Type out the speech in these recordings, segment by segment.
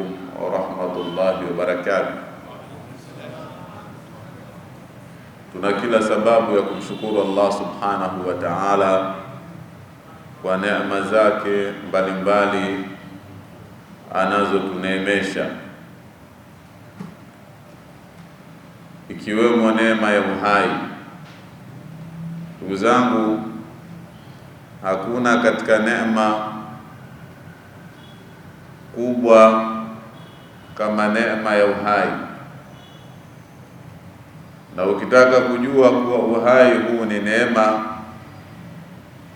alaikum warahmatullahi wabarakatuh. Tuna kila sababu ya kumshukuru Allah subhanahu wa ta'ala kwa neema zake mbalimbali anazotuneemesha ikiwemo neema ya uhai. Ndugu zangu, hakuna katika neema kubwa kama neema ya uhai. Na ukitaka kujua kuwa uhai huu ni neema,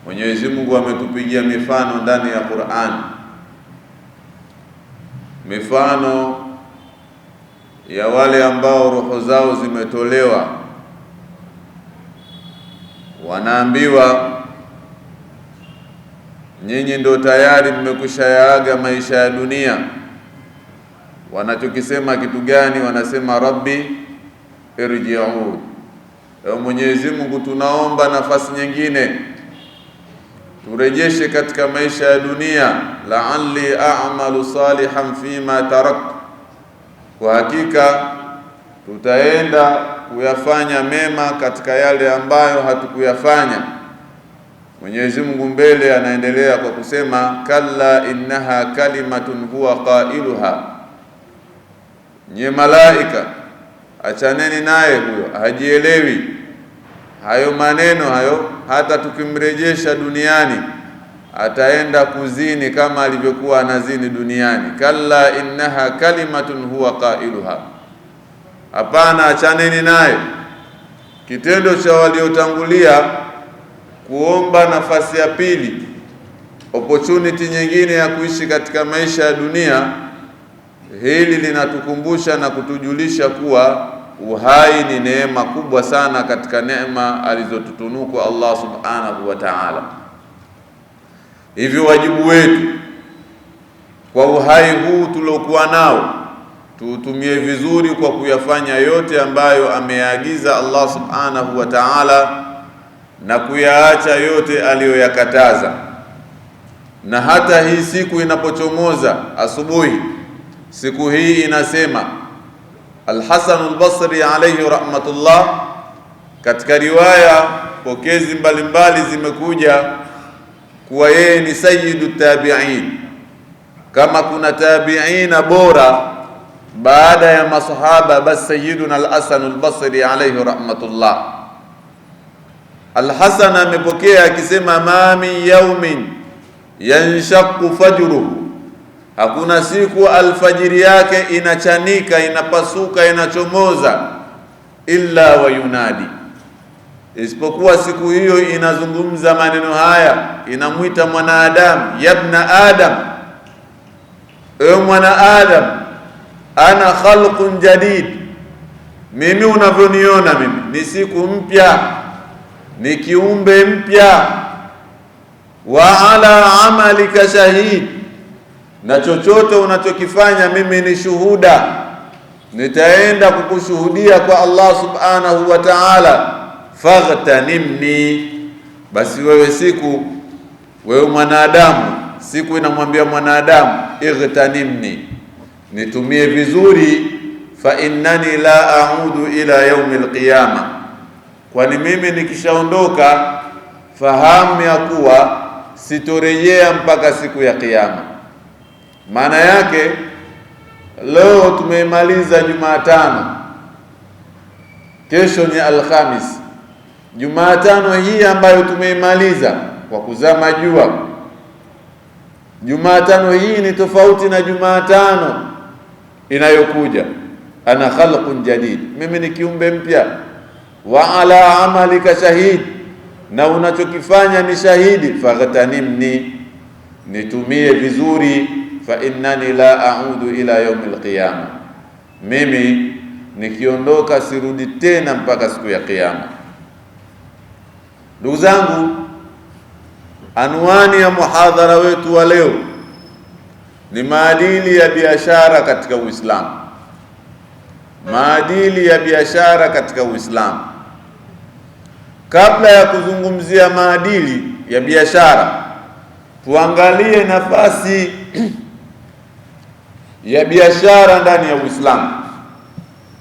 Mwenyezi Mungu ametupigia mifano ndani ya Qur'an, mifano ya wale ambao roho zao zimetolewa, wanaambiwa nyinyi ndio tayari mmekushayaaga maisha ya dunia wanachokisema kitu gani? Wanasema rabbi irji'un, ewe Mwenyezi Mungu, tunaomba nafasi nyingine turejeshe katika maisha ya dunia. La'alli a'malu salihan fima taraktu, kwa hakika tutaenda kuyafanya mema katika yale ambayo hatukuyafanya. Mwenyezi Mungu mbele anaendelea kwa kusema kalla innaha kalimatun huwa qailuha Nye malaika, achaneni naye huyo, hajielewi hayo maneno hayo. Hata tukimrejesha duniani ataenda kuzini kama alivyokuwa anazini duniani. Kalla innaha kalimatun huwa qailuha, hapana, achaneni naye. Kitendo cha waliotangulia kuomba nafasi ya pili, opportunity nyingine ya kuishi katika maisha ya dunia Hili linatukumbusha na kutujulisha kuwa uhai ni neema kubwa sana katika neema alizotutunuku Allah subhanahu wa ta'ala. Hivyo wajibu wetu kwa uhai huu tuliokuwa nao tuutumie vizuri kwa kuyafanya yote ambayo ameyaagiza Allah subhanahu wa ta'ala na kuyaacha yote aliyoyakataza. Na hata hii siku inapochomoza asubuhi siku hii inasema al albasri al-Basri alayhi rahmatullah, katika riwaya pokezi mbalimbali zimekuja kuwa yeye ni sayyidu tabi'in. Kama kuna tabi'ina bora baada ya masahaba, bas sayyiduna al-Hasan al alayhi rahmatullah. al amepokea akisema, ma min yaumin yanshaqu fajruhu Hakuna siku alfajiri yake inachanika, inapasuka, inachomoza illa wayunadi, isipokuwa siku hiyo inazungumza maneno haya, inamwita mwanaadamu, yabna adam, ewe adam, ana khalqun jadid, mimi unavyoniona mimi ni siku mpya, ni kiumbe mpya, wa ala amalika shahid na chochote unachokifanya mimi ni shuhuda, nitaenda kukushuhudia kwa Allah subhanahu wa ta'ala. Faghtanimni, basi wewe siku, wewe mwanadamu, siku inamwambia mwanadamu ightanimni, nitumie vizuri. Fa innani la a'udu ila yaumi lqiyama, kwani mimi nikishaondoka fahamu ya kuwa sitorejea mpaka siku ya Kiyama. Maana yake leo tumemaliza Jumatano, kesho ni Alhamis. Jumatano hii ambayo tumeimaliza kwa kuzama jua, Jumatano hii ni tofauti na Jumatano inayokuja. Ana khalqun jadid, mimi ni kiumbe mpya. Wa ala amalika shahid, na unachokifanya ni shahidi. Faghtanimni, nitumie vizuri fa innani la audu ila yaumil lqiyama mimi nikiondoka sirudi tena mpaka siku ya Kiyama. Ndugu zangu, anwani ya muhadhara wetu wa leo ni maadili ya biashara katika Uislamu, maadili ya biashara katika Uislamu. Kabla ya kuzungumzia maadili ya biashara, tuangalie nafasi ya biashara ndani ya Uislamu.